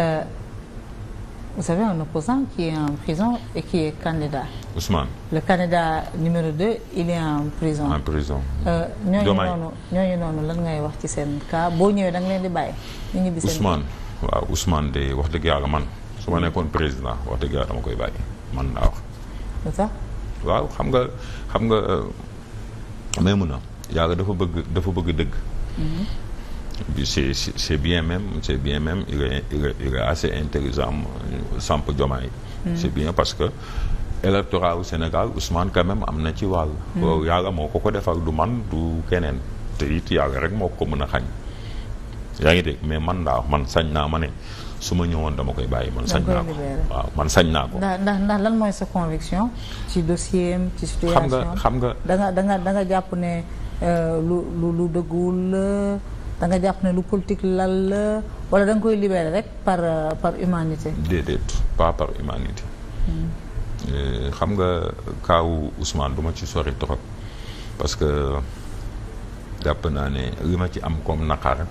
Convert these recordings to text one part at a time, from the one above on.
Euh, vous avez un opposant qui est en prison et qui est candidat. Ousmane. Le candidat numéro 2, il est en prison. En prison. Euh, ñooñu noonu ñooñu noonu lan ngay wax ci seen kaa boo ñëwee danga leen di bàyyi. ñu ñibbi seen waaw Ousmane de wax dëgg yàlla man su ma nekkoon président wax dëgg yàlla dama koy bàyyi man naa wax. c'est ça. waaw xam nga xam nga euh, may mun a yàlla dafa bëgg dafa bëgg dëgg. Mm-hmm. c'est c'est bien même c'est bien même il est il est, il assez intelligent Samp Diomaye mm. c'est bien parce que électorat Sénégal Ousmane quand même am na ci wàll mm. yàlla moo ko ko defal du man du keneen te it yàlla rek moo ko mën a xañ yaa ngi dégg mais man daa man sañ naa ma ne su ma ñëwoon dama koy bàyyi man sañ naa ko waaw man sañ naa ko ndax ndax lan mooy sa conviction ci dossier ci situation xam nga xam nga da nga da nga da nga jàpp ne euh, lu lu lu da nga jàpp ne lu politique lal la wala da nga koy libérer rek par euh, par humanité. déedéet pas par humanité. Hmm. Euh, xam nga kaawu Ousmane du ma ci sori trop parce que jàpp naa ne li ma ci am comme naqar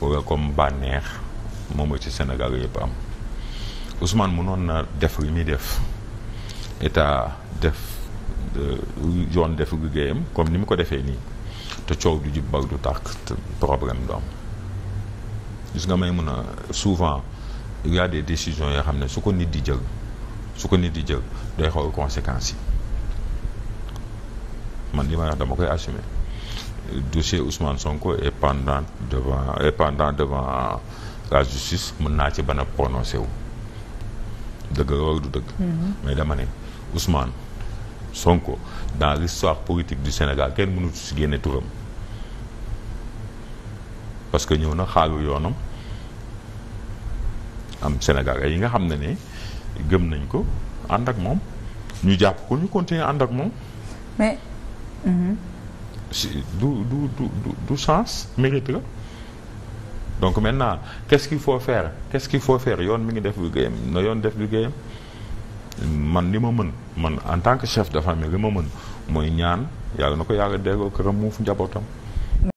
wala comme bànneex moom la ci Sénégal yëpp am mu noon na def li muy def état def euh, yoon def liggéeyam comme ni mu ko defee nii. te coow du jib bal du tàkk te problème du am gis nga may mun a souvent il y des décisions yoo xam ne su ko nit di jël su ko nit di jël day xool conséquences yi man li ma wax dama koy assumer dossier Ousmane Sonko et pendant devant est pendant devant la justice mën naa ci ban a prononcé dëgg loolu du dëgg mm-hmm. mais dama ne Ousmane Sonko dans l'histoire politique du Sénégal kenn mënut si génne turam parce que ñëw na xaaru yoonam am Sénégalais yi nga xam ne ne gëm nañ ko ànd ak moom ñu jàpp ko ñu continuer ànd ak moom. mais. Mm-hmm. si du du du du du sens mérite la. donc maintenant qu'est-ce qu'il faut faire quest qu'il faut faire yoon mi ngi def liggéeyam na yoon def liggéeyam. man li ma mën man en tant que chef de famille li ma mën mooy ñaan yàlla na ko yàlla déggoo këram muuf njabootam